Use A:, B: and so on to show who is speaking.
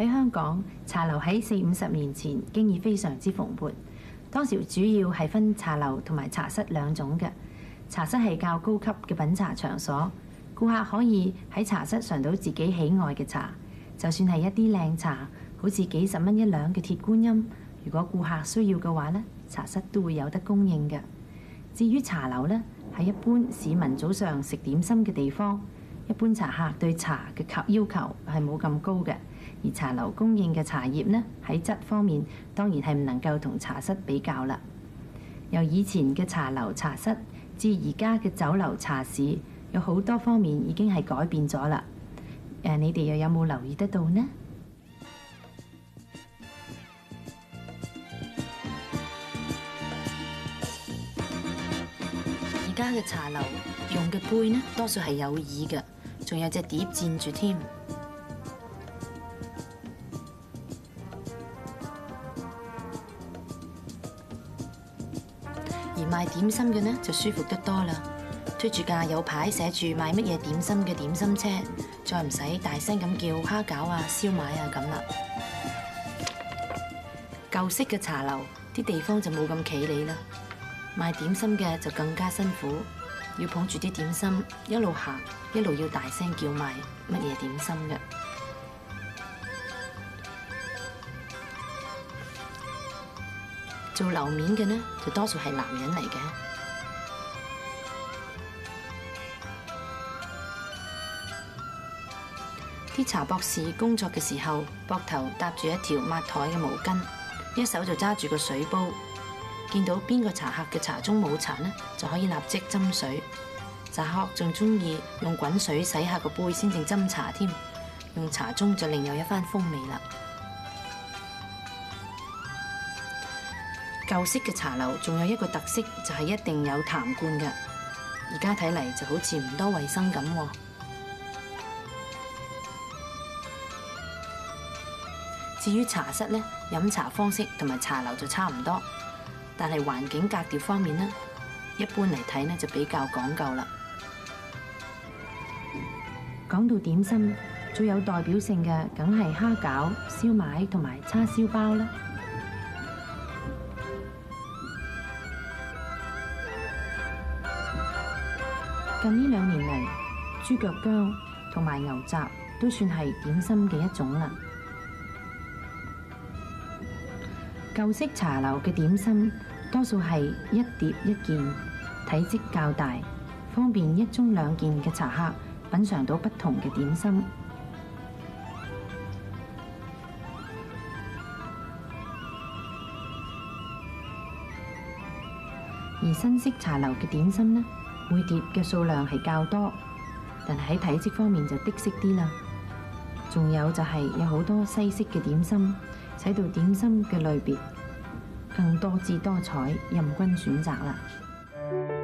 A: 喺香港茶樓喺四五十年前經已非常之蓬勃。當時主要係分茶樓同埋茶室兩種嘅。茶室係較高級嘅品茶場所，顧客可以喺茶室嚐到自己喜愛嘅茶。就算係一啲靚茶，好似幾十蚊一兩嘅鐵觀音，如果顧客需要嘅話呢，茶室都會有得供應嘅。至於茶樓呢，係一般市民早上食點心嘅地方，一般茶客對茶嘅求要求係冇咁高嘅。而茶樓供應嘅茶葉呢，喺質方面當然係唔能夠同茶室比較啦。由以前嘅茶樓茶室，至而家嘅酒樓茶市，有好多方面已經係改變咗啦。誒，你哋又有冇留意得到呢？而家嘅茶樓用嘅杯呢，多數係有耳嘅，仲有隻碟墊住添。而賣點心嘅呢就舒服得多啦，推住架有牌寫住賣乜嘢點心嘅點心車，再唔使大聲咁叫蝦餃啊、燒賣啊咁啦。舊式嘅茶樓啲地方就冇咁企理啦，賣點心嘅就更加辛苦，要捧住啲點心一路行，一路要大聲叫賣乜嘢點心嘅。做樓面嘅呢，就多數係男人嚟嘅。啲茶博士工作嘅時候，膊頭搭住一條抹台嘅毛巾，一手就揸住個水煲，見到邊個茶客嘅茶盅冇茶呢，就可以立即斟水。茶客仲中意用滾水洗一下個杯先至斟茶添，用茶盅就另有一番風味啦。舊式嘅茶樓仲有一個特色，就係一定有痰罐嘅。而家睇嚟就好似唔多衞生咁。至於茶室呢，飲茶方式同埋茶樓就差唔多，但係環境格調方面呢，一般嚟睇呢就比較講究啦。講到點心，最有代表性嘅梗係蝦餃、燒賣同埋叉燒包啦。近呢兩年嚟，豬腳姜同埋牛雜都算係點心嘅一種啦。舊式茶樓嘅點心多數係一碟一件，體積較大，方便一盅兩件嘅茶客品嘗到不同嘅點心。而新式茶樓嘅點心呢？每碟嘅數量係較多，但係喺體積方面就的適啲啦。仲有就係有好多西式嘅點心，使到點心嘅類別更多姿多彩，任君選擇啦。